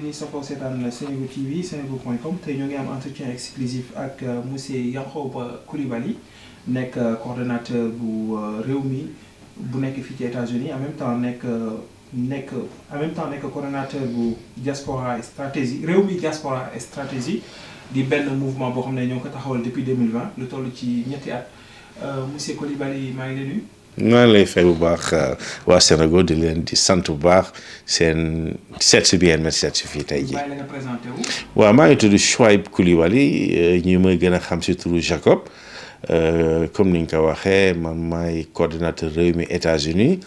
yéen ñi safoo seetaan Senego TV senego.com tey ñoo ngi am entretien exclusif ak euh, monsieur Yankhoba Coulibaly nekk euh, coordonnateur bu euh, réew mi bu nekk fii ci États-Unis en même temps nekk nekk en même temps nekk coordonnateur bu diaspora et stratégie réew mi diaspora et stratégie di benn mouvement boo xam ne ñoo ko taxawal depuis 2020 lu toll ci ñetti at monsieur Coulibaly maa ngi lay maa lay fay bu baax euh, waa Sénégal di leen di sant bu baax seen seet si bi ngeen ma seet si fii tey jii. waaw maa ngi tudd Chouaib Koulibaly euh, ñi may gën a xam si turu Jacob euh, comme ni nga ko waxee man may coordinateur réew mi uni unis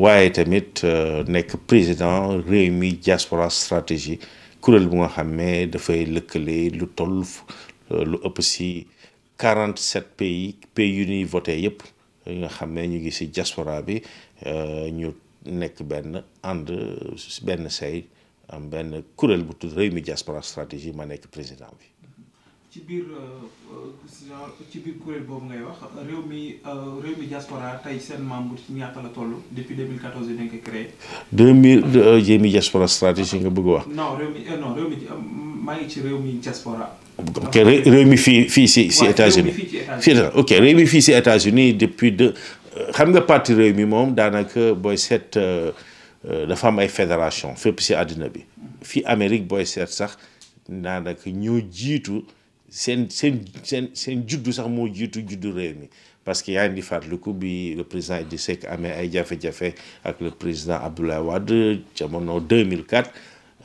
waaye tamit nekk président réew mi diaspora stratégie kuréel bu nga xam ne dafay lëkkale lu toll lu ëpp si 47 pays pays yu ñuy voté yëpp. yi nga xam ne ñu gis si diaspora bi euh, ñu nekk benn ànd benn say am benn kuréel bu tudd réew mi diaspora stratégie ma nekk président bi. ci biir euh, ci boobu ngay wax réew mi euh, réew mi diaspora tey seen membre ci ñaata la toll depuis 2014 dañ ko créé. 2000 réew mi diaspora stratégie nga bëgg wax. non réew mi maa ngi ci réew mi diaspora. ok réew mi fii fii si si États-Unis fii ok réew mi fii si États-Unis depuis de euh, xam nga parti réew mi moom daanaka booy seet euh, euh, dafa am ay fédération fépp si àddina bi fii Amérique booy seet sax daanaka ñoo jiitu seen seen seen seen juddu sax moo jiitu juddu réew mi parce que yaa ngi fàttaliku bi le président Idrissa Seck amee ay jafe-jafe ak le président Abdoulaye Wade jamono 2004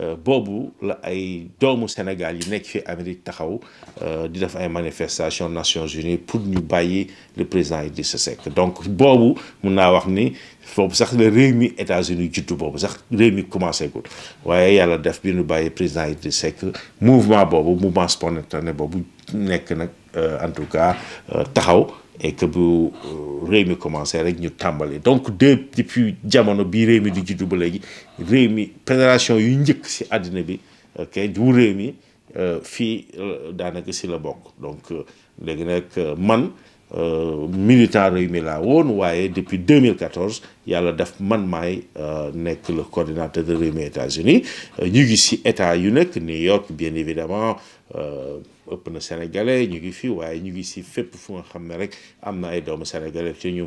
Euh, boobu la ay doomu Sénégal yi nekk fi Amérique taxaw euh, di def ay manifestation Nations Unies pour ñu bàyyi le président sa Seck donc boobu mun naa wax ni foofu sax la réew mi États-Unis juddu boobu sax réew mi commencé ko waaye yàlla def bi ñu bàyyi président Idrissa Seck mouvement boobu mouvement spontané boobu nekk nag euh, en tout cas taxaw. et que bu euh, réew mi commencé rek ñu tàmbali donc deux depuis jamono bii réew mi di juddu ba léegi réew mi fédération yu njëkk si àddina bi ok du réew mi euh, fii euh, daanaka si la bokk donc léegi nag man militant réew mi laa woon waaye depuis 2014 yàlla def man maay euh, nekk le coordinateur de Rewmi États-Unis euh, ñu si état yu nekk New York bien évidemment euh, ëpp na sénégalais ñu ngi fii waaye ñu ngi si fépp fu nga xam ne rek am na ay doomu sénégalais ci ñu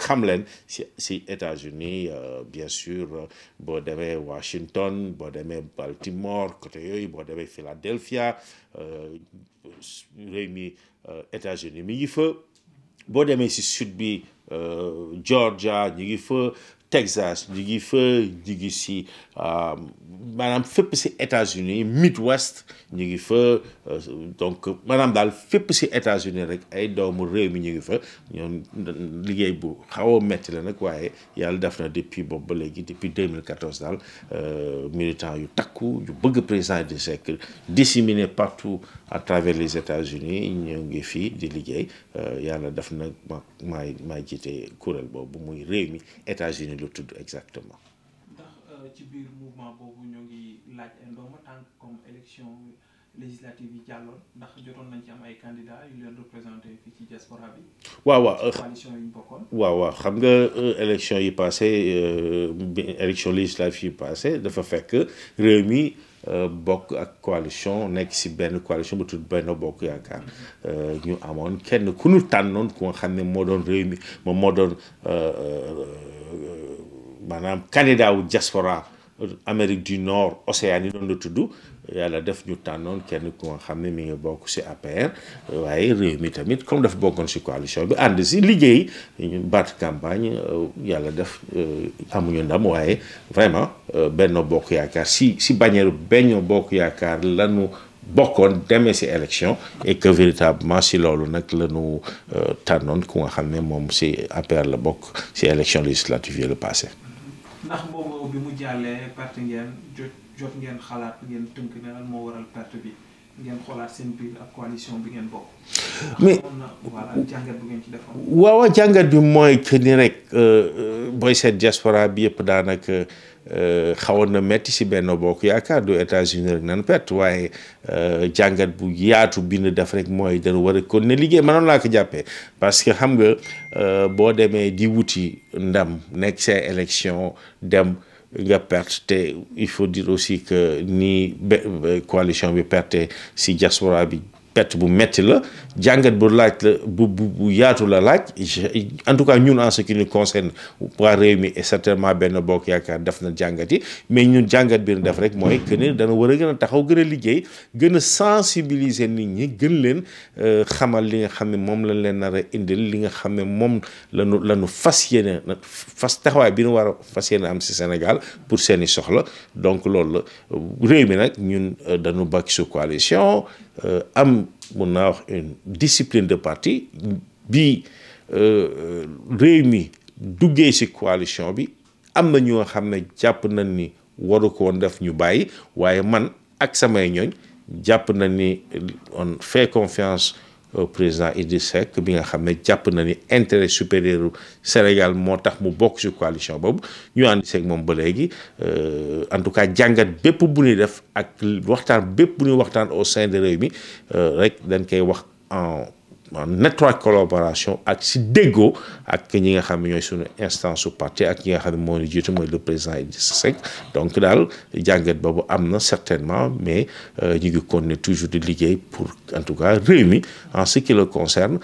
xam leen si si États-Unis bien sûr boo demee Washington boo demee Baltimore côté yooyu boo demee Philadelphia réew mi États-Unis mi ngi fa. boo demee si sud bi euh, Georgia ñu ngi fa Texas ñu ngi fa ñu si euh, maanaam fépp si États-Unis Midwest ñu ngi fa euh, donc maanaam daal fépp si États-Unis rek ay doomu réew mi ñu ngi fa ñoom liggéey bu xaw a metti la nag waaye yàlla def na depuis boobu léegi depuis 2014 daal euh, militant yu takku yu bëgg président du siècle disséminé partout à travers les États-Unis ñoo ngi fii di liggéey yàlla def na ma maay jiite kuréel boobu muy réew mi États-Unis lu tudd exactement. ndax euh, ci biir mouvement boobu ñoo ngi laaj ay ndomba tànk comme élection législative yi jàlloon ndax jotoon nañ ci am ay candidats yu leen représenté fii ci diaspora bi. Euh, yi ñu bokkoon. waaw waaw xam nga euh, élection yi passé élection législative yi passé dafa fekk réew Euh, bokk ak coalition nekk si benn coalition bu tudd Benno Bokk Yaakaar euh, ñu amoon kenn ku ñu tànnoon ku nga xam ne moo doon réew mi moom moo doon euh, maanaam candidat wu diaspora Amérique du Nord Océanie doon la tudd yàlla def ñu tànnoon kenn ku nga xam ne mu ngi bokk si APR waaye réew mi tamit comme dafa bokkoon si coalition bi ànd si liggéey ñu baat campagne yàlla def euh, amuñu ndam waaye vraiment euh, Benno Bokk Yaakaar si si bannière Benno Bokk Yaakaar lanu bokkoon demee si élection et que véritablement si loolu nag la ñu euh, tànnoon ku nga xam ne moom si APR la bokk si élection législative yi la passé. ndax jot ngeen xalaat jàngat bi mooy que ni rek euh, euh, booy seet diaspora bi yëpp daanaka euh, xawoon na metti si benn bokk yaakaar du États-Unis rek nan perte waaye jàngat bu yaatu bi def rek mooy dana war a kon ne liggéey mënoon laa ko jàppee parce que xam nga boo demee di wuti ndam nekk sa élection dem. nga perte te il faut dire aussi que ni coalition bi perte si diaspora bi perte bu metti la jàngat bu laaj la bu bu yaatu la laaj en tout cas ñun en ce qui nous concerne waa Rewmi et certainement benn bokk yaakaar def na jàngat yi mais ñun jàngat bi ñu def rek mooy que ne dana war a gën a taxaw gën a liggéey gën a sensibiliser nit ñi gën leen euh, xamal li nga xam ne moom lañ leen nar a li nga xam ne moom lañu lañu fas yéene fas taxawaay bi nu war a fas yéene am si Sénégal pour seeni soxla donc loolu la réew mi nag ñun euh, dañu bakk su coalition Euh, am mun naa wax une discipline de parti bi euh, réew mi duggee ci coalition bi am na ñoo xam ne jàpp nañ ni waru ko def ñu bàyyi waaye man ak samay ñooñ jàpp nañ ni on fait confiance président Idriss Seck bi nga xam ne jàpp na ni intérêt supérieur Sénégal moo tax mu bokk ci coalition boobu ñu ànd seeg moom ba léegi euh, en tout cas jàngat bépp bu ñuy def ak waxtaan bépp bu ñuy waxtaan au sein de réew mi euh, rek dañ koy wax en étroite collaboration ak si déggoo ak ñi nga xam ne ñooy suñu instance su parti ak ñi nga xam ne moo ñu jiitu mooy le président Seck donc daal jàngat boobu am na certainement mais euh, ñu ngi continuer toujours di liggéey pour en tout cas réew mi en ce qui le concerne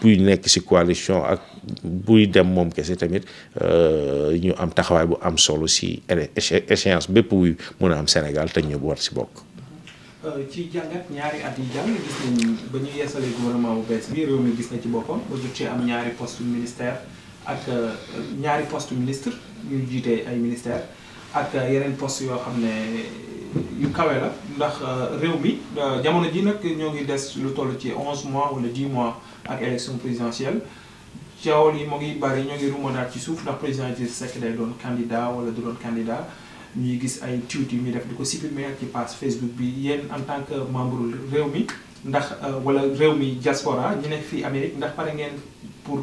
buy nekk si coalition ak buy dem moom kese tamit euh, ñu am taxawaay bu am solo si échéance bépp wuy mën a am Sénégal te ñu war si bokk. Euh, ci jàngat ñaari at yi jàng ba ñu yeesalee gouvernement bu bees bi réew mi gis na ci boppam ba jot ci am ñaari poste ministère ak euh, ñaari poste ministre ñu jiite ay ministère ak euh, yeneen post yoo xam ne yu kawe la ndax réew mi jamono ji nag ñoo ngi des lu toll ci onze mois wala dix mois ak élection présidentielle coow yi moo ngi bari ñoo ngi rumandaat ci suuf ndax président ji Seck day doon candidat wala du doon candidat ñuy gis ay tweet yu ñuy def di ko supprimer ak Facebook bi yéen en tant que membre réew mi ndax euh, wala réew mi diaspora ñu nekk fii Amérique ndax pare ngeen pour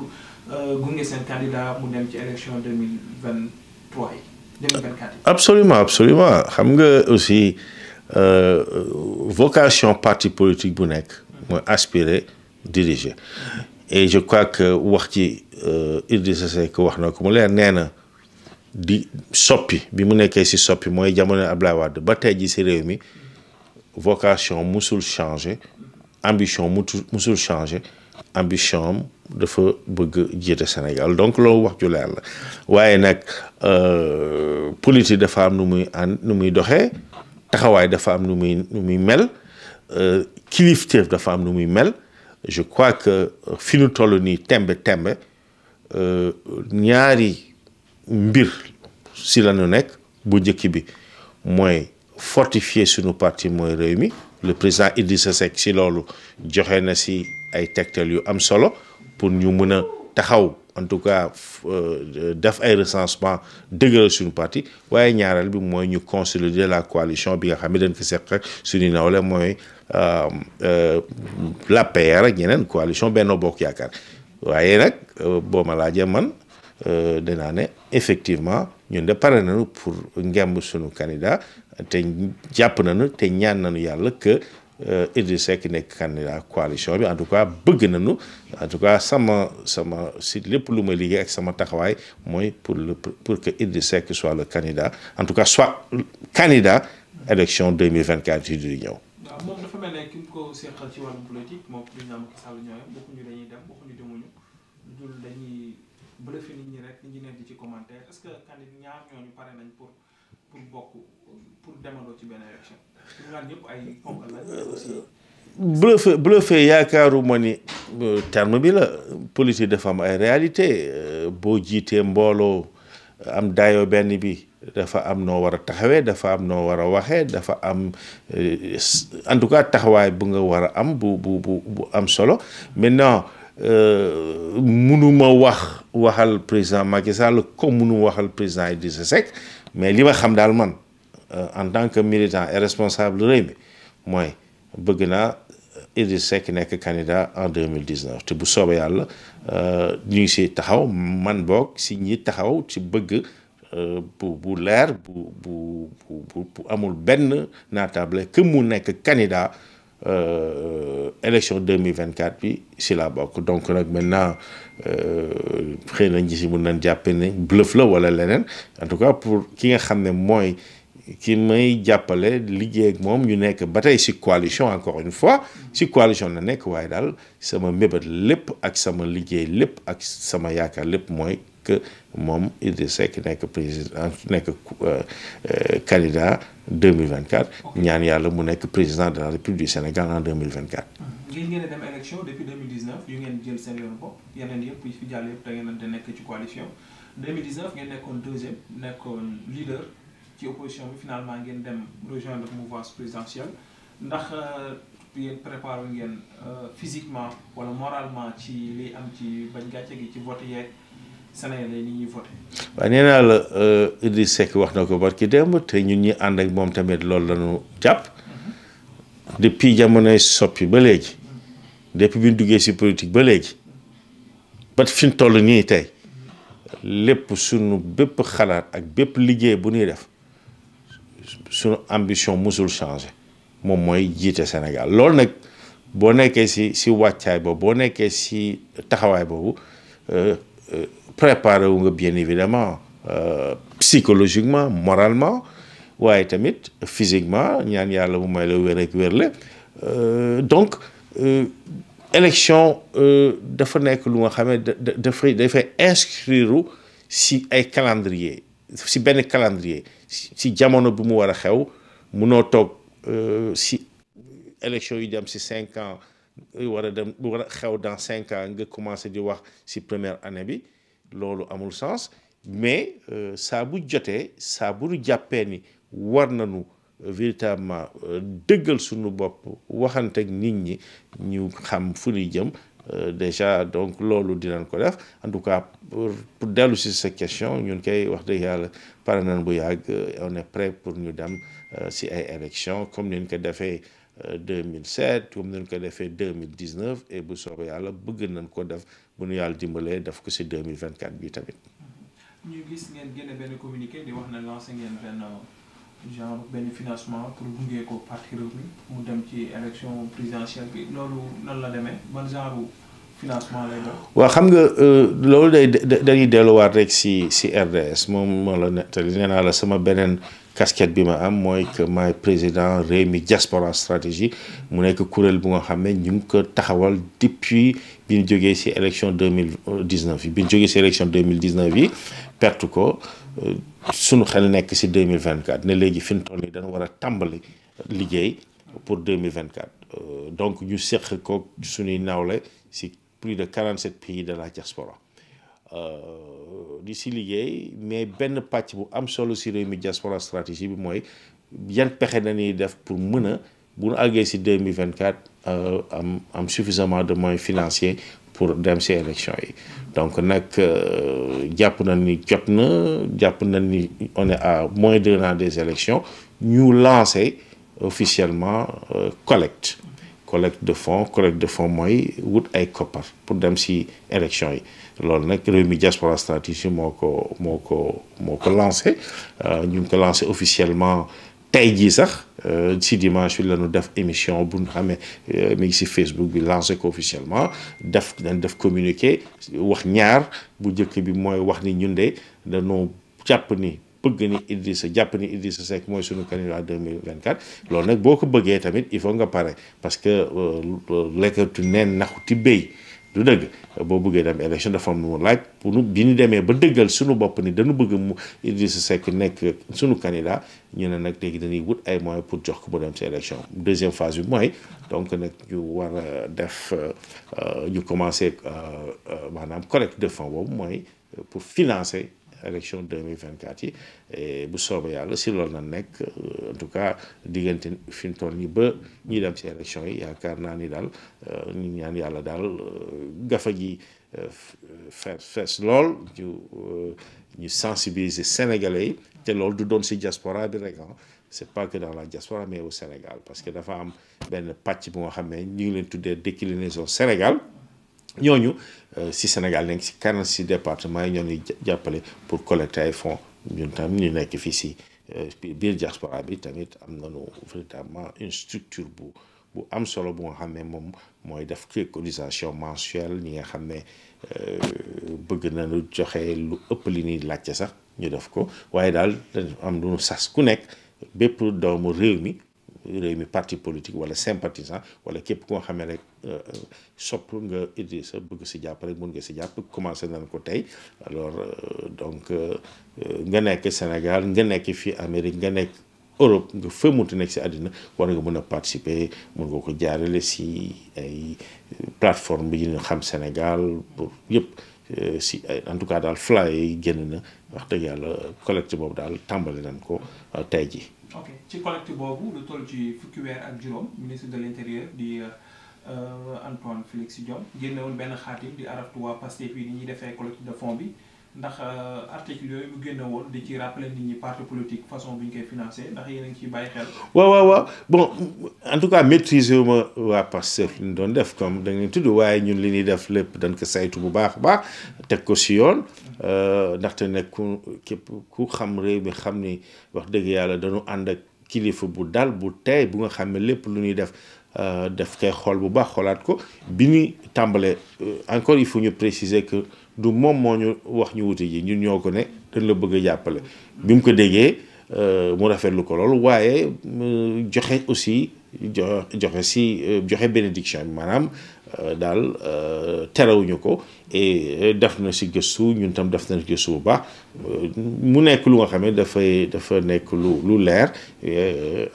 euh, gunge seen candidat mu dem ci élection 2023 yi 2024 yi absolument absolument xam nga aussi euh, vocation parti politique bu nekk mooy aspirer diriger et je crois que wax ci Idrissa Seck wax na ko mu leer nee na di soppi bi mu nekkee si soppi mooy jamono Ablaye Wade ba tey ji si réew mi vocation musul changer ambition musul changer ambition am dafa bëgg jiita Sénégal donc loolu wax ju la waaye nag euh, politique dafa am nu muy ànd nu muy doxee taxawaay dafa am nu muy muy mel euh, kilifteef dafa am nu muy mel je crois que euh, fi nu toll nii tembe tembe ñaari. mbir si la nekk bu njëkk bi mooy fortifier suñu parti mooy réew mi le président Idrissa Seck si loolu joxe na si ay tegtal yu am solo pour ñu mën a taxaw en tout cas euh, def ay recensement dëgëral suñu parti waaye ñaareel bi mooy ñu consolider la coalition bi nga xam ne dañ ko rek suñu nawle mooy euh, euh, l'APR ak ñeneen coalition benn Bokk Yaakaar waaye nag boo ma laajee man danaa ne. effectivement ñun de pare nañu pour ngemb suñu candidat te jàpp na nañu te ñaan nañu yàlla que euh, Idriss Seck nekk candidat coalition bi en tout cas bëgg nañu en tout cas sama sama si lépp lu ma liggéey ak sama taxawaay mooy pour le pour que Idriss Seck soit le candidat en tout cas soit candidat élection 2024 yi di ñëw. waaw moom bëlëfi nit ci commentaire est que candidat ñaar ñooñu nañ pour pour bokk yaakaaruma ni euh, terme bi la politique dafa am ay réalité euh, boo jiitee mbooloo am daayoo benn bi dafa am noo war a taxawee dafa am noo war a waxee dafa am euh, en tout cas taxawaay bu nga war a am bu bu bu am solo maintenant. Euh, ma wax waxal président Macky Sall comme munu waxal président Idrissa Seck mais li ma xam daal man euh, en tant que militant et responsable Rewmi mooy bëgg naa euh, Idrissa Seck nekk candidat en 2019 te bu soobee yàlla ñu ngi si taxaw man boog si ñi taxaw ci bëgg bu bu leer bu bu bu amul benn naatable que mu nekk candidat Euh, élection 2024 bi si laa bokk donc nag maintenant euh, xëy na ñi si mun nañ jàppe ne bluff la wala leneen en tout cas pour ki nga xam ne mooy ki may jàppale liggéey ak moom ñu nekk ba tey si coalition encore une fois si coalition na nekk waaye daal sama mébét lépp ak sama liggéey lépp ak sama yaakaar lépp mooy que moom Idriss Seck nekk président nekk euh, euh, candidat 2024 ñaan yàlla mu nekk président de la République du Sénégal en 2024. Mmh. ngir ngeen a dem élection depuis 2019 yu ngeen jël seen yoon bopp yeneen yëpp yi fi jàll yëpp da ngeen da nekk ci coalition 2019 ngeen nekkoon deuxième nekkoon leader ci opposition bi finalement ngeen dem rejoindre mouvance présidentielle ndax euh, yéen préparé ngeen physiquement wala moralement ci li am ci bañ gàcce gi ci vote yeeg. Sénégalais yi naa la euh, Idriss Seck wax na ko barki démb te ñun ñi ànd ak moom tamit loolu la ñu jàpp. Mhm. depuis jamonoy soppi ba léegi. depuis bi ñu duggee si politique ba léegi. ba fi ñu toll nii tey. lépp sunu bépp xalaat ak bépp liggéey bu ñuy def sunu ambition mosul changé moom mooy jiite Sénégal loolu nag boo nekkee si si wàccaay boobu boo nekkee si taxawaay boobu. Euh, euh, préparé wu nga bien évidemment euh, psychologiquement moralement waaye tamit physiquement ñaan yàlla mu may la wér ak wér la euh, donc euh, élection euh, dafa nekk lu nga xame dafay dafay inscrire si ay calendrier si benn calendrier si jamono bi mu war a xew mu noo toog si élection yu dem si cinq ans war a dem war a xew dans cinq ans nga commencé di wax si première année bi loolu amul sens mais euh, saa bu jotee saa bu nu jàppee ni war nañu euh, véritablement euh, dëggal suñu bopp waxante ak nit ñi ñu xam fu ñuy jëm déjà donc loolu dinañ ko def en tout cas pour pour dellu si sa question ñun koy wax dëgg yàlla pare nañ bu yàgg on est prêt pour ñu dem si ay élections comme ni ñu ko defee 2007 comme ni ñu ko defee 2019 et bu soobee yàlla bëgg nañ ko def. bu nu yàlla dimbalee def ko si deux mille vingt 2024 bi tamit. ñu gis ngeen génne benn communiqué di wax na lancé ngeen benn genre benn financement pour gunge ko parti Rewmi mu dem ci élection présidentielle bi loolu nan la demee ban genre financement lay doon. waaw xam nga euh, loolu day dañuy delluwaat rek si si RDS moom moo la nettali nee naa la sama beneen. casquette bi ma am mooy que maay président mi Diaspora Stratégie mu nekk kuréel bu nga xam ne ñu ngi ko taxawal depuis bi ñu jógee ci élection deux mille dix-neuf yi bi ñu jógee ci élection deux mille dix-neuf yi perte ko euh, sunu xel nekk ci deux mille vingt-quatre ne léegi fi mu toll nii dañu war a tàmbali liggéey pour deux mille vingt-quatre euh, donc ñu seq ko suñuy nawle ci plus de quarante-sept pays de la diaspora Euh, di si liggéey mais benn pàcc bu am solo si réew mi diaspora stratégie bi mooy yan pexe dañuy def pour mën a bu nu àggee si 2024 euh, am am suffisamment de moyens financier pour dem si élection yi donc nag euh, jàpp nañ ni jot na jàpp nañ ni on est à moins d'un an des élections ñu lancé officiellement collecte collecte de fonds collecte de fonds mooy wut ay koppar pour dem si élection yi loolu nag réew mi diaspora stratégie moo ko moo ko moo ko lancé euh, ñu ngi ko lancé officiellement tey jii sax si euh, dimanche bi la ñu def émission bu ñu xamee euh, mi ngi si Facebook bi lancé ko officiellement def dañ def communiqué wax ñaar bu njëkk bi mooy wax ni ñun de dañoo jàpp ni bëgg ni Idrissa jàpp ni Idrissa Seck mooy suñu candidat 2024 loolu nag boo ko bëggee tamit il faut nga pare parce que lekkatu neen naxu ti béy du dëgg boo bëggee dem élection dafa am nu mu laaj pour nu ñu demee ba dëggal suñu bopp ni dañu bëgg mu Idrissa Seck nekk suñu candidat ñu ne nag léegi dañuy wut ay moyens pour jox ko mu dem si élection deuxième phase bi mooy donc nag ñu war a def euh, ñu commencé euh, euh, maanaam collecte de fonds boobu mooy pour financer élection 2024 yi bu soobee yàlla si loolu na nekk euh, en tout cas diggante fi mu nii ba ñi dem si élection yi yaakaar naa ni daal euh, ñaan yàlla daal euh, gafa gi fees fees lool ñu ñu sensibiliser sénégalais yi te loolu du doon si diaspora bi rek ah. c'est pas que dans la diaspora mais au Sénégal parce que dafa am benn pàcc bu nga xam ne ñu ngi leen tuddee déclinaison Sénégal ñooñu euh, si Sénégal nekk si 46 départements yi ñoo ñuy jàppale pour collecter ay fonds ñun tam ñu nekk fii si euh, biir diaspora tamit am nañu véritablement une structure bu bu am solo bu nga xam ne moom mooy def préconisation mensuelle ñi nga xam ne euh, bëgg nañu joxe lu ëpp li ñuy laajte sax ñu def ko waaye daal am lu nu sas ku nekk bépp doomu réew mi réew mi parti politique wala sympathisant wala képp koo xam ne rek euh, euh, sopp nga sa bëgg si jàpp rek mun nga si jàpp commencé nan ko tey alors euh, donc nga nekk Sénégal nga nekk fii Amérique nga nekk Europe nga fa nekk si àddina war nga mën a participer mun nga ko jaarale si ay plateforme bi ñu xam Sénégal pour yëpp si en tout cas daal flyer yi génn na wax dëgg yàlla collecte boobu daal tàmbali nañ ko tey ji ok ci collecte boobu lu toll ci fukki weer ak juróom ministre de l' intérieur di euh, Antoine Félix Diome génne woon benn xaatim di araftu waa Pastef yi ni ñuy defee collecte de fonds bi ndax euh, article yooyu bu di ci rappeler nit ñi parti politique façon bi ñu koy financé ndax yéen a ngi ciy bàyyi xel. waaw waaw waaw bon en tout cas maîtriser wu ma waa Pastef li ñu doon def comme da ngeen tudd waaye ñun li ñuy def lépp dañ ko saytu bu baax a baax teg ko si yoon. Euh, ndaxte nag ku képp ku xam réew mi xam ni wax dëgg yàlla dañu ànd ak kilifa bu dal bu tey bu nga xam ne lépp lu ñuy def. Euh, def koy xool bu baax xoolaat ko bi ñu tàmbalee encore yi fu ñu préciser que. du moom moo ñu wax ñu wuti ji ñun ñoo ko ne dañ la bëgg a jàppale bi mu ko déggee euh, mu rafetlu ko lool waaye euh, joxe aussi joxe joxe si euh, joxe bénédiction bi maanaam Euh, daal euh, terewuñu ko e def na si gëstu ñun tam def na si gëstu bu mu nekk lu nga xam ne dafay dafa nekk lu lu leer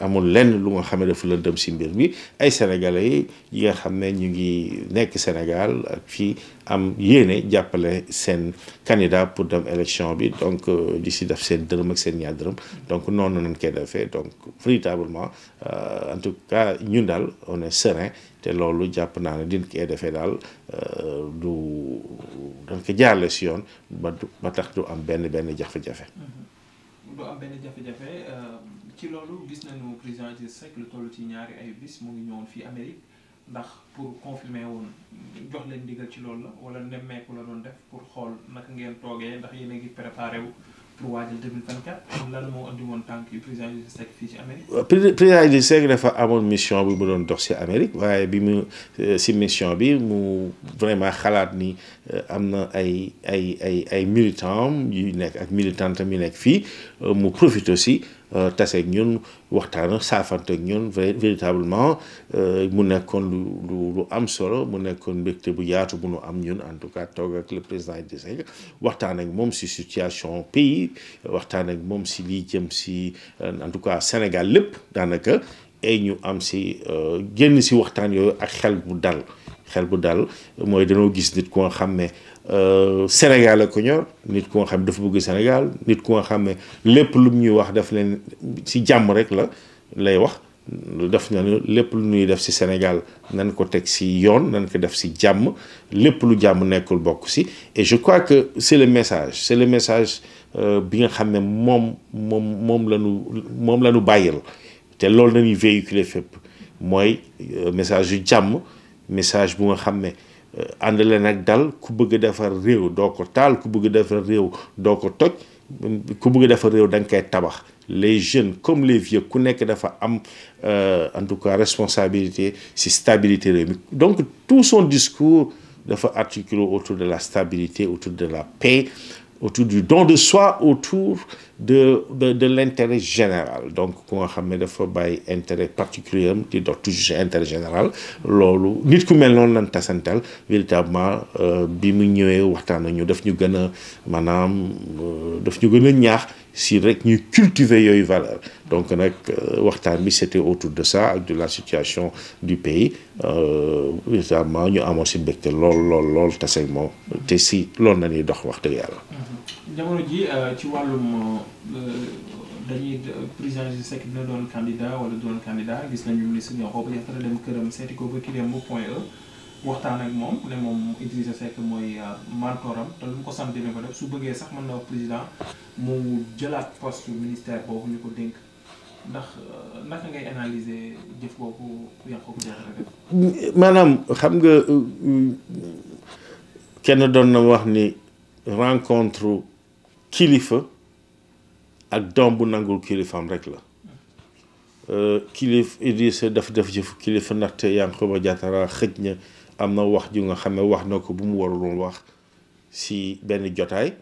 amul lenn lu nga xam ne dafa lëndëm si mbir bi ay sénégalais yi nga xam ne ñu ngi nekk Sénégal ak fii am yéene jàppale seen candidat pour dem élection bi donc di si def seen dërëm ak seen ñaar dërëm donc noonu nañ koy defee donc véritablement en tout cas ñun daal on est te loolu jàpp naa ne din koy defee daal euh, du dañ ko jaarle si yoon ba ba tax du am benn benn jafe-jafe. Mm-hmm. du am euh, ci loolu gis nañu président Idrissa Seck lu toll ci ñaari ay bis mu ngi ñëwoon fii Amérique ndax pour confirmer woon jox leen ndigal ci loolu la wala nemmeeku la doon def pour xool naka ngeen toogee ndax yéen a ngi préparé pour waajal 2024 lan moo dafa amoon mission bi mu doon dox si Amérique waaye bi mu si euh, mission bi mu vraiment xalaat ni euh, am na ay ay ay ay militants yu nekk ak militantam yu nekk fii euh, mu profité aussi. Euh, taseeg ñun waxtaan saafante ak ñun véritablement euh, mu nekkoon lu lu lu am solo mu nekkoon mbégte bu yaatu bu nu am ñun en tout cas toog ak le président Idrissa Seck waxtaan ak moom si situation pays waxtaan ak moom si lii jëm si euh, en tout cas Sénégal lépp daanaka ay ñu am si génn si waxtaan yooyu ak xel bu dal xel bu dal mooy dañoo gis nit koo xam ne Euh, Sénégal ak ko ñor nit ku nga xam dafa bëgg Sénégal nit ku nga xam ne lépp lu ñuy wax daf leen ci jàmm rek la lay wax def na lépp lu ñuy def si Sénégal nan ko teg si yoon nan ko def si jàmm lépp lu jàmm nekkul bokk si et je crois que c'est le message c'est le message euh, bi nga xam ne moom moom moom la moom la ñu bàyyil te loolu nañuy véhiculer fépp mooy euh, message yu jàmm message bu nga xam ne Euh, ànd leen ak dal ku bëgg defar réew doo ko taal ku bëgg defar réew doo ko toj ku bëgg defar réew da nga koy tabax les jeunes comme les vieux ku nekk dafa am euh, en tout cas responsabilité si stabilité réew mi donc tout son discours dafa articulé autour de la stabilité autour de la paix autour du don de soi autour de de, de l'intérêt général donc ku nga xam ne fa bàyyi intérêt particulier am di dox toujours intérêt général loolu nit ku mel noonu lan tasantal véritablement euh, bi mu ñëwee waxtaan nañu def ñu gën a maanaam euh, def ñu gën a ñaax si rek ñu cultiver yooyu valeur donc nag euh, waxtaan bi c'était autour de ça ak de la situation du pays euh, véritablement ñu amoon si mbégte lool lool lool taseeg moom te si lool na ñuy dox wax yàlla. Mhm. jamono ji euh, ci wàllum dañuy président Idrissa Seck dina doon candidat wala doon candidat gis nañu ministre ñoo ko ba dem këram seeti ko ba kileem bu point E. waxtaan ak moom ne moom Idrissa Seck mooy euh, mentoram te lu mu ko sant ko def su bëggee sax mën na wax président mu jëlaat poste ministère boobu ñu ko dénk ndax euh, naka ngay analyser jëf boobu maanaam xam nga euh, kenn doon na wax ni rencontre kilifa ak doom bu nangul kilifaam rek la kilif Idrissa daf def jëf kilifa ndaxte Yankhoba Diattara xëj na am na wax ju nga xam ne wax na ko bu mu waruloon wax si benn jotaay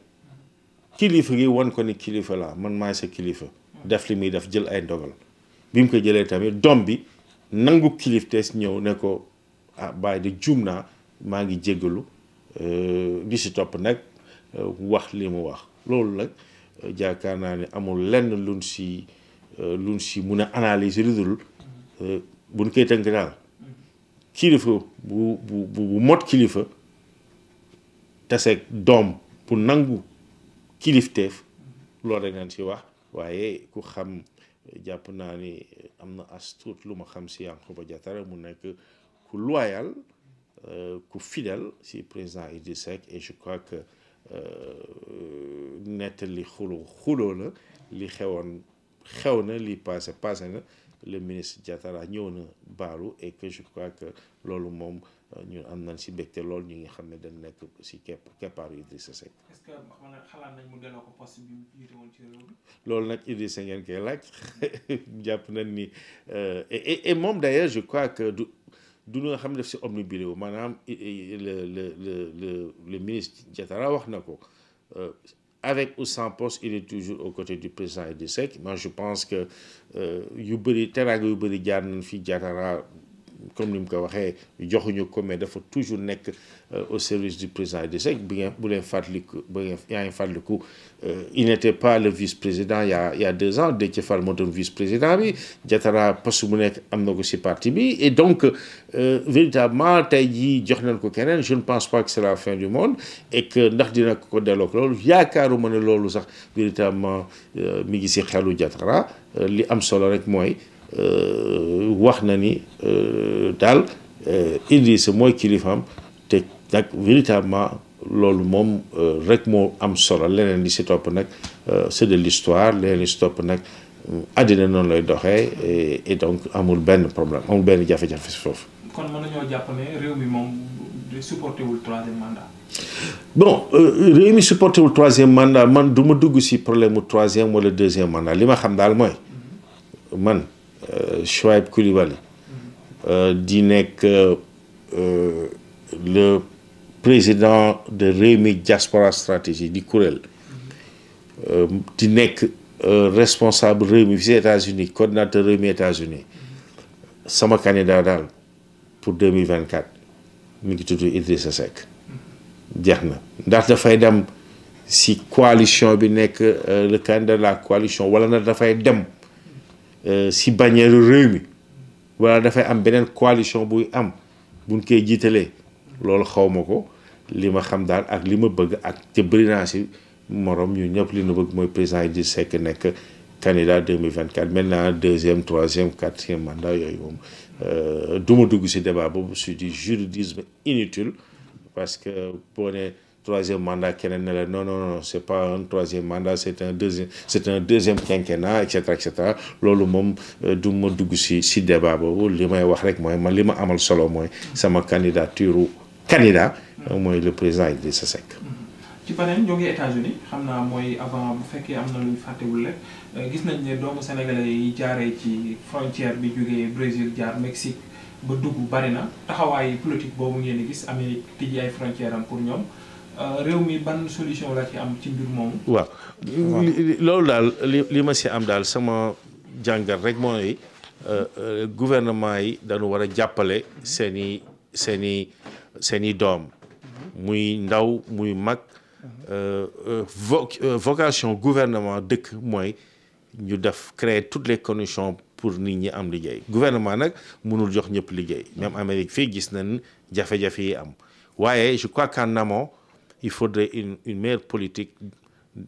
kilifa gi wan ko ni kilifa laa man maay sa kilifa def li muy def jël ay ndogal bi mu ko jëlee tamit doom bi nangu kiliftees ñëw ne ko ah bàyyi de juum naa maa ngi jéggalu di euh, si topp nag euh, wax li mu wax loolu nag euh, jaakaar naa ni amul lenn luñ si luñ si mun a analyser lu dul buñ koy tënk daal kilifa bu bu bu mot kilifa taseeg doom bu nangu kilifteef loolu rek nañ ci wax waaye ku xam jàpp naa ni am na as tuut lu ma xam si Yankhoba Diattara mu nekk ku loyal euh, ku fidèle si président Idrissa Seck et je crois que euh, nettali xuloo xuloo la li xewoon xew na li passé passé na le ministre Diatara ñëw na baalu et que je crois que loolu moom euh, ñu am nañ si mbégte lool ñu ngi xam ne dañ nekk si kepp keppaaru Idrissa Seck. est que xalaat nañ mu delloo ko loolu nag Idrissa ngeen koy laaj jàpp nañ ni e moom d'ailleurs je crois que du du nga xam ne def si omnibulé maanaam le le le le le ministre Diatara wax na ko. Euh, avec ou sans poste il est toujours aux côtés du président Idrissa Seck moi je pense que euh, yu bëri teraanga yu bëri jaar nañ fi Diatara comme ni mu ko waxee joxuñu ko mais dafa toujours nekk euh, au service du président Idrissa Seck bi ngeen bu leen fàttaliku ba ngeen yaa euh, n'était pas le vice président ya y a il y a deux ans Déthié Fall moo doon vice président bi bu nekk am na si parti bi et donc euh, véritablement tey jii jox nañ ko keneen je ne pense pas que c'est la fin du monde et que ndax dina ko delloo loolu yaakaaru ma ne loolu sax véritablement mi ngi si xelu jatara li am solo rek mooy. Euh, wax na ni euh, daal euh, Idrissa mooy kilifaam te nag véritablement loolu moom rek moo am solo leneen li si topp nag c'est de l'histoire leneen li si topp nag àddina noonu lay doxee et donc amul benn problème amul benn jafe-jafe si foofu. kon mën nañoo jàpp ne réew mi moom supporté wul troisième mandat. bon réew mi supporté wul man du ma dugg si problème mu troisième wala deuxième mandat li ma xam daal mooy man. Chouaib euh, Koulibaly euh, di nekk euh, le président de Rewmi Diaspora Stratégie di kuréel di nekk responsable Rewmi fii États-Unis coordinateur Rewmi états uni sama candidat daal pour 2024 mi ngi tudd Idrissa Seck jeex na ndax dafay dem si coalition bi nekk le candidat de la coalition wala na dafay dem Euh, si bannière réew mi wala dafay am beneen coalition buy am buñ koy jiitalee loolu xaw ma ko li ma xam daal ak li ma bëgg ak te bëri naa si morom ñu ñëpp li nu bëgg mooy président Idriss Seck nekk deux candidat 2024 maintenant deuxième troisième quatrième mandat yooyu moom euh, du ma dugg si débat boobu c'est du juridisme inutile parce que boo nee troisième mandat keneen ne la non non non c'est pas un troisième mandat c'est un deuxième c'est un deuxième quinquennat loolu moom euh, du ma dugg si ci débat li may wax rek mooy man li ma amal solo mooy sama candidature candidat euh, mooy le président Idrissa Seck. ci beneen ñoo ngi avant bu fekkee am na lu ñu fàttewul rek euh, gis nañ ne yi ci frontière bi jógee Brésil jaar Mexique ba dugg bari na taxawaayu politique boobu ngeen gis Amérique tijji ay frontière am pour ñoom. Euh, réew mi ban solution la ci am ci mbir moomu. waaw loolu daal li ma si am daal sama jàngat rek mooy euh, euh, gouvernement yi dañu war a jàppale seen i seen i seen i doom. muy ndaw muy mag. vo vocation gouvernement dëkk mooy ñu def créer toutes les conditions pour nit ñi am liggéey. gouvernement nag mënul jox ñëpp liggéey. même Amérique fii gis nañ jafe-jafe yi am waaye je crois qu'en amont il faudrait une, une meilleure politique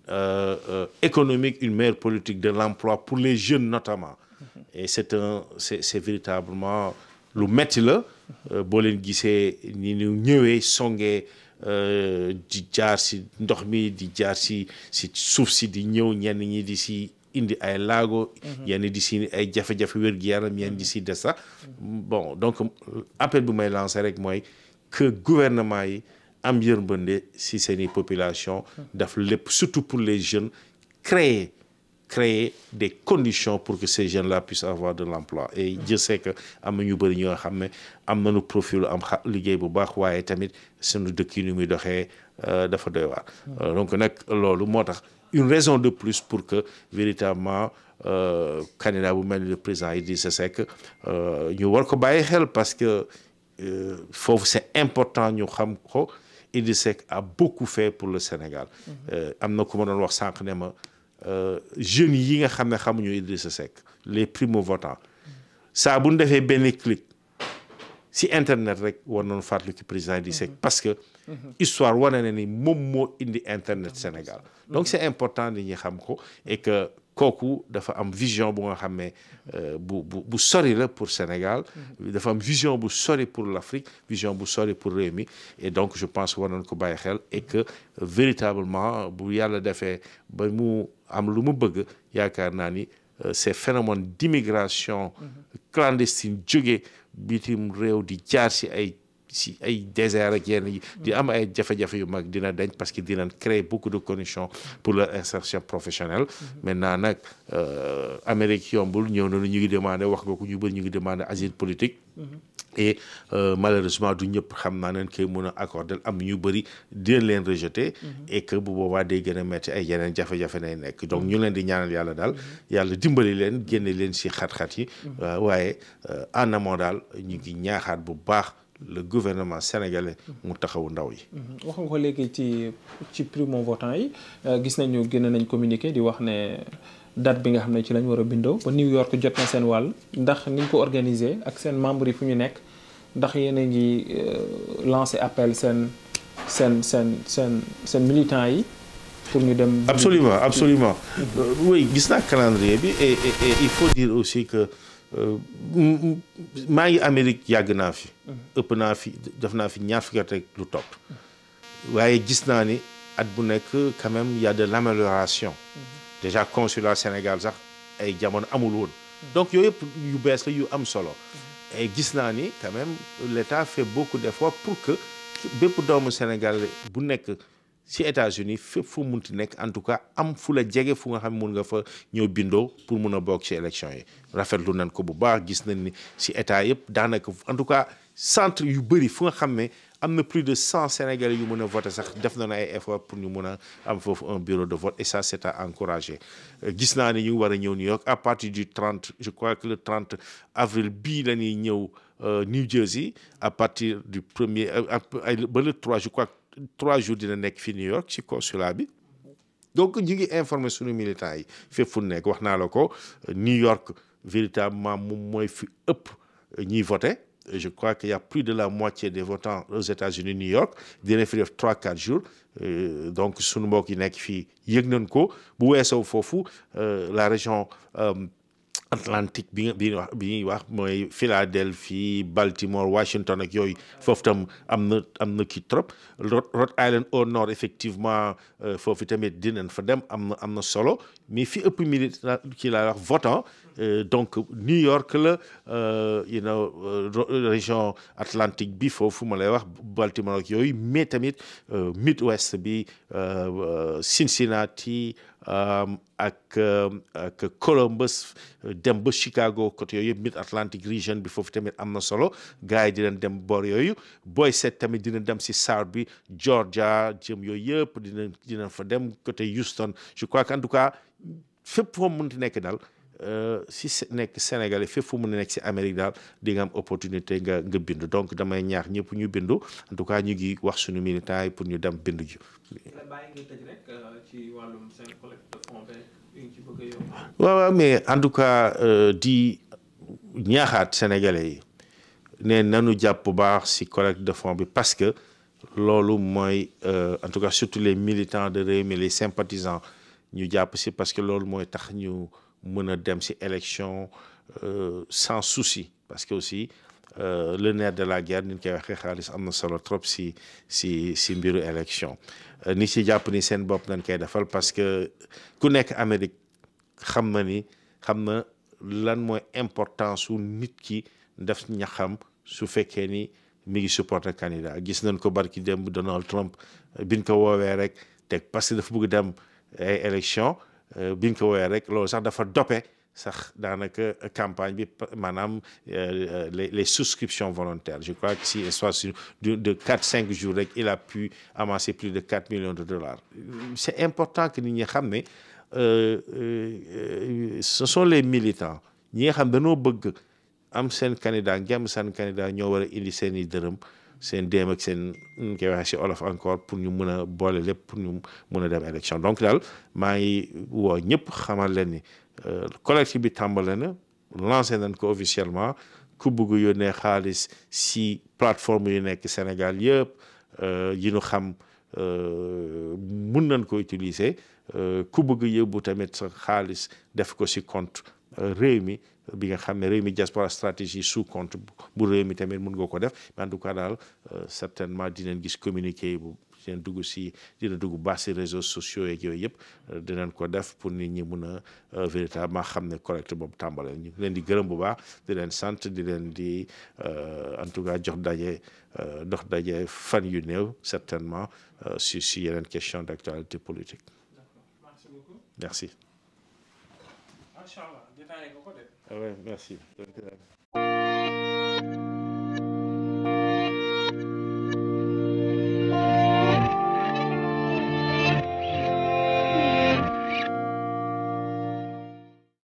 euh, euh, économique, une meilleure politique de l'emploi pour les jeunes notamment. Et c'est un c'est véritablement lu metti la euh, boo leen gisee ni ñu ñëwee songee euh, di jaar si ndox mi di jaar si si suuf si di ñëw ñenn ñi di si indi ay laago yenn mhm. di si ay jafe-jafe wér-gu-yaram yenn di si des sax bon donc appel bu may lancer rek mooy que gouvernement yi am yërmande si seeni population daf lépp surtout pour les jeunes créer créer des conditions pour que ces jeunes-là puissent avoir de l'emploi et je sais que am na ñu bëri ñoo xam ne am nañu profil am xa liggéey bu baax waaye tamit sunu dëkk yi ni muy doxee euh, dafa doy waar euh, donc nag loolu moo tax une raison de plus pour que véritablement euh, candidat bu mel ni le président Idrissa Seck ñu war ko bàyyi xel parce que foofu c'est important ñu xam ko Idriss Seck a beaucoup fait pour le Sénégal. Euh, am na ku ma doon wax sànq ne ma euh, jeunes yi nga xam ne xamuñu Idriss Seck les primo-votants saa bu ñu defee benn clic si internet rek war nañu fàttali ci président di Seck parce que histoire wane na ni moom moo indi internet Sénégal donc c'est important nit ñi xam ko et que. kooku dafa am vision bu nga xam ne euh, bu bu bu sori la pour Sénégal mm-hmm. dafa am vision bu sori pour l'Afrique vision bu sori pour réew mi et donc je pense war nañ ko bàyyi xel et que véritablement bu yàlla defee ba mu am lu mu bëgg yaakaar naa ni euh, ces phénomènes d'immigration mm-hmm. clandestine jóge bitim réew di jaar ci ay si ay désert ak yenn yi di am ay jafe-jafe yu mag dina dañ parce que dinañ créer beaucoup de conditions pour leur insertion professionnelle mhm. maintenant nag euh, Amérique yombul ñëw na ñu ngi demandé wax nga ko ñu bëri ñu ngi demandé asile politique mhm. et euh, malheureusement du ñëpp xam naa leen koy mën a accordé am ñu bëri dina leen rejeté mhm. et que bu boobaa day gën a metti ay yeneen jafe-jafe nay nekk donc ñu leen di ñaanal yàlla daal yàlla dimbali leen génne leen si le gouvernement sénégalais mu taxaw ndaw yi. Mm-hmm. wax nga ko léegi ci ci primo votant yi euh, gis nañu génne nañ communiqué di wax ne dat bi nga xam ne ci lañ war a bindoo ba New York jot na seen wàll ndax niñ ko organiser ak seen membres yi fu ñu nekk ndax yéen a ngi euh, lancé appel seen seen seen seen seen militants yi pour ñu dem. absolument mm-hmm. absolument euh, oui gis naa calendrier bi il faut dire aussi que. Euh, maa ngi Amérique yàgg naa fi. Mm-hmm. ëpp naa fi def naa fi ñaar fukki lu topp. Mm-hmm. waaye gis naa ni at bu nekk quand même y a mm-hmm. déjà consulat Sénégal sax ay jamono amul woon. donc yooyu yëpp yu bees la yu am solo. gis naa ni quand même l'État fait beaucoup d'efforts pour que bépp doomu Sénégal bu nekk. si États-Unis fépp fu munti nekk en tout cas am fu la jege fu nga xam mun nga fa ñëw bindoo pour mun a bokk ci élection yi rafetlu nañ ko bu baax gis nañ ni si état yëpp daanaka en tout cas centre yu bëri fu nga xam ne am na plus de cent Sénégalais yu mun a voter sax def na na ay effort pour ñu mun a am foofu un bureau de vote et ça c'est à encourager euh, gis naa ni ñu war a ñëw New York à partir du 30 je crois que le 30 avril bii la ñuy ñëw euh, New Jersey à partir du premier euh, ba le 3 je crois. trois jours dina nekk fii New York ci consulat bi donc ñu ngi informé suñu militants yi fépp fu nekk wax naa la ko New York véritablement moom mooy fi ëpp ñiy voté je crois que y a plus de la moitié des votants aux États-Unis New York dina fi def trois quatre jours euh, donc sunu mbokk yi nekk fii yëg nañ ko bu weesoo foofu euh, la région euh, atlantique bi bi wax bi ñuy wax mooy Philadelphie Baltimore Washington ak yooyu foofu tam am na am na kii trop Rhode Island au nord effectivement euh, foofu tamit dinañ fa dem am na am na solo mais fi ëpp militaire kii laa wax votant Euh, donc New York la euh, you know euh, région Atlantique bi foofu ma lay wax Baltimore yooyu mais tamit Midwest bi Cincinnati ak ak Columbus dem ba Chicago côté yooyu yëpp Mid Atlantic region bi foofu tamit am na solo gars yi dinañ dem boor yooyu booy seet tamit dina dem si South bi Georgia jëm yooyu yëpp dina dina fa dem côté Houston je crois que en tout cas fépp foo mënti nekk daal Euh, si nekk Sénégalais fépp mun mu nekk si Amérique daal di am opportunité nga nga bindu donc damay ñaax ñëpp ñu bindu en tout cas ñu ngi wax suñu militants yi pour ñu dem bindu ji. Euh, en tout cas euh, di ñaaxaat sénégalais yi ne nanu jàpp bu baax si collecte de fonds bi parce que loolu mooy en tout cas surtout les militants de Rewmi les sympathisants ñu jàpp si parce que loolu mooy tax ñu. mën a dem ci élection euh, sans souci parce que aussi euh, le nerf de la guerre ni ñu koy waxee xaalis am na solo trop si si ci mbiru élection ni euh, si jàpp ni seen bopp nañ koy defal parce que ku nekk Amérique xam na ni xam na lan mooy important su nit ki def ñaxam su fekkee ni mu ngi supporter candidat gis nañ ko barki démb Donald Trump biñ ko woowee rek teg parce que dafa bëgg dem ay élection Euh, biñ ko woowee rek loolu sax dafa doppe sax daanaka campagne bi maanaam euh, euh, les les souscriptions volontaires je crois que si soit de de quatre cinq jours rek il a pu amasser plus de quatre millions de dollars. c'est important que nit ñi xam ne ce sont les militants ñi nga xam dañoo bëgg am seen candidat ngem seen candidat ñoo war a indi seen i dërëm. seen déem ak seen ñu waxee si olof encore pour ñu mun a boole lépp pour ñu mun a dem élection donc daal maa ngi woo ñëpp xamal leen ni euh, collecte bi tàmbale na lancé nañ ko officiellement ku bugg yónnee xaalis si plateforme yu nekk Sénégal yëpp euh, yi ñu xam euh, mun nañ ko utiliser ku bëgg yóbbu tamit sa xaalis def ko si contre réew mi bi nga xam ne réew mi diaspora stratégie sous compte bu réew mi tamit mun nga ko def mais en tout cas daal euh, certainement dinañ gis communiqué bu dinañ dugg si dina dugg baax si réseaux sociaux yeeg yooyu yëpp euh, dinañ ko def pour nit ñi mun a euh, véritablement xam ne collecte boobu tàmbalee ñu leen di gërëm bu baax di leen sant di leen di en tout cas jox daje dox daje fan yu néew certainement si si yeneen question d' actualité politique merci. naa leen ko ko def. ah ouais merci.